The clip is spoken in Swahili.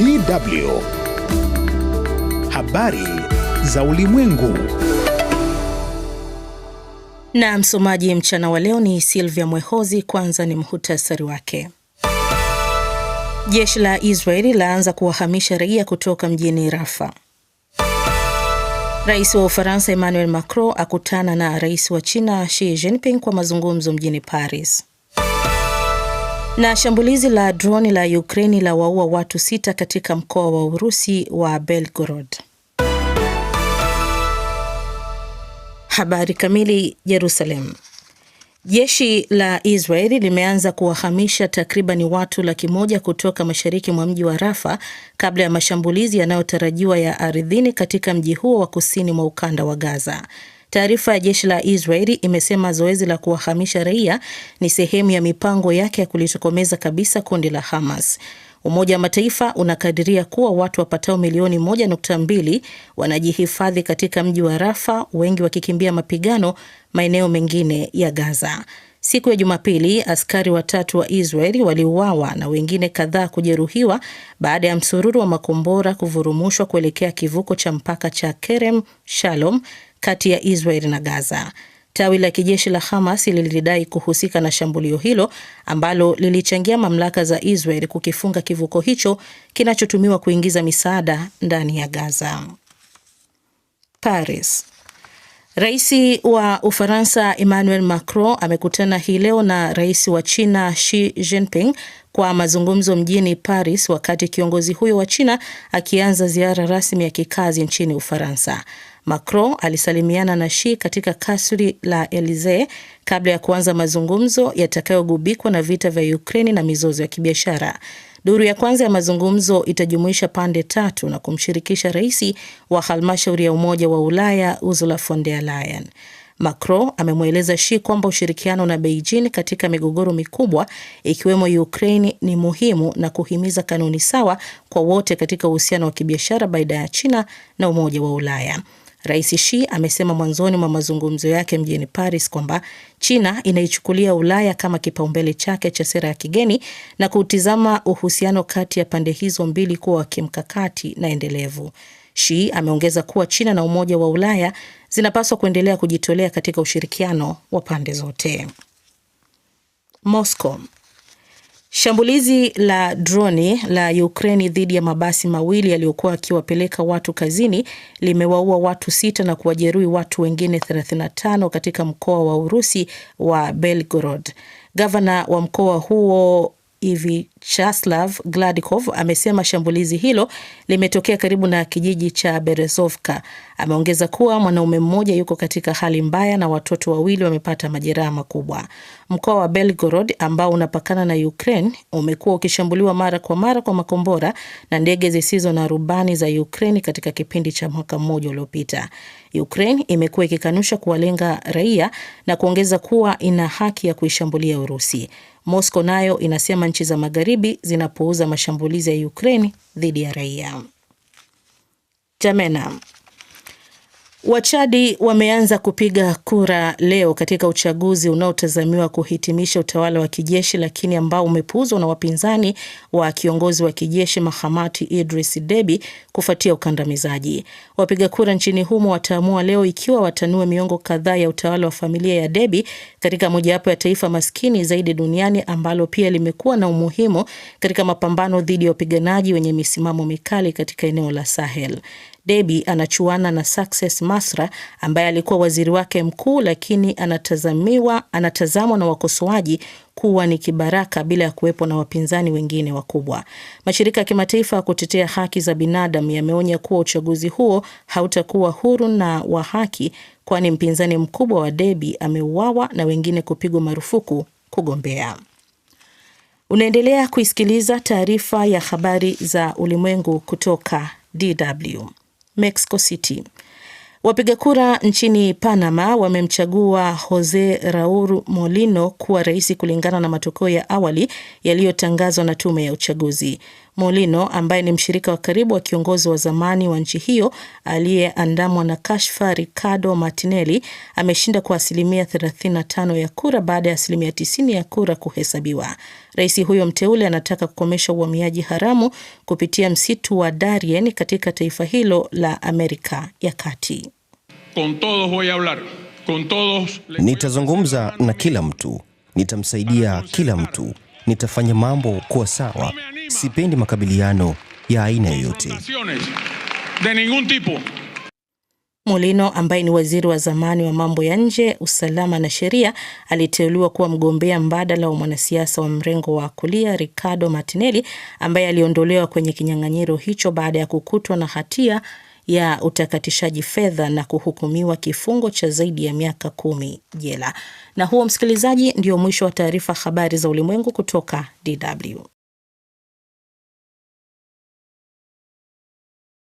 DW Habari za Ulimwengu. Na msomaji mchana wa leo ni Silvia Mwehozi. Kwanza ni mhutasari wake. Jeshi la Israeli laanza kuwahamisha raia kutoka mjini Rafa. Rais wa Ufaransa Emmanuel Macron akutana na rais wa China Xi Jinping kwa mazungumzo mjini Paris. Na shambulizi la droni la Ukraini la waua watu sita katika mkoa wa Urusi wa Belgorod. Habari kamili. Jerusalem. Jeshi la Israeli limeanza kuwahamisha takribani watu laki moja kutoka mashariki mwa mji wa Rafa kabla ya mashambulizi yanayotarajiwa ya ardhini katika mji huo wa kusini mwa ukanda wa Gaza. Taarifa ya jeshi la Israeli imesema zoezi la kuwahamisha raia ni sehemu ya mipango yake ya kulitokomeza kabisa kundi la Hamas. Umoja wa Mataifa unakadiria kuwa watu wapatao milioni 1.2 wanajihifadhi katika mji wa Rafa, wengi wakikimbia mapigano maeneo mengine ya Gaza. Siku ya Jumapili, askari watatu wa Israeli waliuawa na wengine kadhaa kujeruhiwa baada ya msururu wa makombora kuvurumushwa kuelekea kivuko cha mpaka cha Kerem Shalom kati ya Israel na Gaza. Tawi la kijeshi la Hamas lilidai kuhusika na shambulio hilo ambalo lilichangia mamlaka za Israel kukifunga kivuko hicho kinachotumiwa kuingiza misaada ndani ya Gaza. Paris. Rais wa Ufaransa Emmanuel Macron amekutana hii leo na rais wa China Xi Jinping kwa mazungumzo mjini Paris, wakati kiongozi huyo wa China akianza ziara rasmi ya kikazi nchini Ufaransa. Macron alisalimiana na Xi katika kasri la Elysee kabla ya kuanza mazungumzo yatakayogubikwa na vita vya Ukraini na mizozo ya kibiashara. Duru ya kwanza ya mazungumzo itajumuisha pande tatu na kumshirikisha rais wa halmashauri ya Umoja wa Ulaya Ursula von der Leyen. Macron amemweleza Xi kwamba ushirikiano na Beijing katika migogoro mikubwa ikiwemo Ukraine ni muhimu na kuhimiza kanuni sawa kwa wote katika uhusiano wa kibiashara baina ya China na Umoja wa Ulaya. Rais Xi amesema mwanzoni mwa mazungumzo yake mjini Paris kwamba China inaichukulia Ulaya kama kipaumbele chake cha sera ya kigeni na kutizama uhusiano kati ya pande hizo mbili kuwa wa kimkakati na endelevu. Xi ameongeza kuwa China na Umoja wa Ulaya zinapaswa kuendelea kujitolea katika ushirikiano wa pande zote. Moscow Shambulizi la droni la Ukraini dhidi ya mabasi mawili yaliyokuwa akiwapeleka watu kazini limewaua watu sita na kuwajeruhi watu wengine 35 katika mkoa wa Urusi wa Belgorod. Gavana wa mkoa huo Ivi Chaslav Gladikov amesema shambulizi hilo limetokea karibu na kijiji cha Berezovka. Ameongeza kuwa mwanaume mmoja yuko katika hali mbaya na watoto wawili wamepata majeraha makubwa. Mkoa wa Belgorod ambao unapakana na Ukraine umekuwa ukishambuliwa mara kwa mara kwa makombora na ndege zisizo na rubani za Ukraine katika kipindi cha mwaka mmoja uliopita. Ukraine imekuwa ikikanusha kuwalenga raia na kuongeza kuwa ina haki ya kuishambulia Urusi. Moscow nayo inasema nchi za magharibi Magharibi zinapouza mashambulizi ya Ukraine dhidi ya raia. Jamena Wachadi wameanza kupiga kura leo katika uchaguzi unaotazamiwa kuhitimisha utawala wa kijeshi lakini ambao umepuuzwa na wapinzani wa kiongozi wa kijeshi Mahamat Idris Deby kufuatia ukandamizaji. Wapiga kura nchini humo wataamua leo ikiwa watanue miongo kadhaa ya utawala wa familia ya Deby katika mojawapo ya taifa maskini zaidi duniani ambalo pia limekuwa na umuhimu katika mapambano dhidi ya wapiganaji wenye misimamo mikali katika eneo la Sahel. Debi anachuana na Success Masra ambaye alikuwa waziri wake mkuu, lakini anatazamiwa anatazamwa na wakosoaji kuwa ni kibaraka bila ya kuwepo na wapinzani wengine wakubwa. Mashirika ya kimataifa ya kutetea haki za binadamu yameonya kuwa uchaguzi huo hautakuwa huru na wa haki, kwani mpinzani mkubwa wa debi ameuawa na wengine kupigwa marufuku kugombea. Unaendelea kuisikiliza taarifa ya habari za ulimwengu kutoka DW. Mexico City. Wapiga kura nchini Panama wamemchagua Jose Raul Molino kuwa rais kulingana na matokeo ya awali yaliyotangazwa na tume ya uchaguzi. Molino ambaye ni mshirika wa karibu wa kiongozi wa zamani wa nchi hiyo aliyeandamwa na kashfa Ricardo Martinelli ameshinda kwa asilimia 35 ya kura baada ya asilimia 90 ya kura kuhesabiwa. Rais huyo mteule anataka kukomesha uhamiaji haramu kupitia msitu wa Darien katika taifa hilo la Amerika ya Kati. Con todos voy a hablar. Con todos... nitazungumza na kila mtu, nitamsaidia kila mtu nitafanya mambo kuwa sawa. Sipendi makabiliano ya aina yoyote. Molino ambaye ni waziri wa zamani wa mambo ya nje, usalama na sheria, aliteuliwa kuwa mgombea mbadala wa mwanasiasa wa mrengo wa kulia Ricardo Martinelli ambaye aliondolewa kwenye kinyang'anyiro hicho baada ya kukutwa na hatia ya utakatishaji fedha na kuhukumiwa kifungo cha zaidi ya miaka kumi jela. Na huo msikilizaji, ndio mwisho wa taarifa habari za ulimwengu kutoka DW.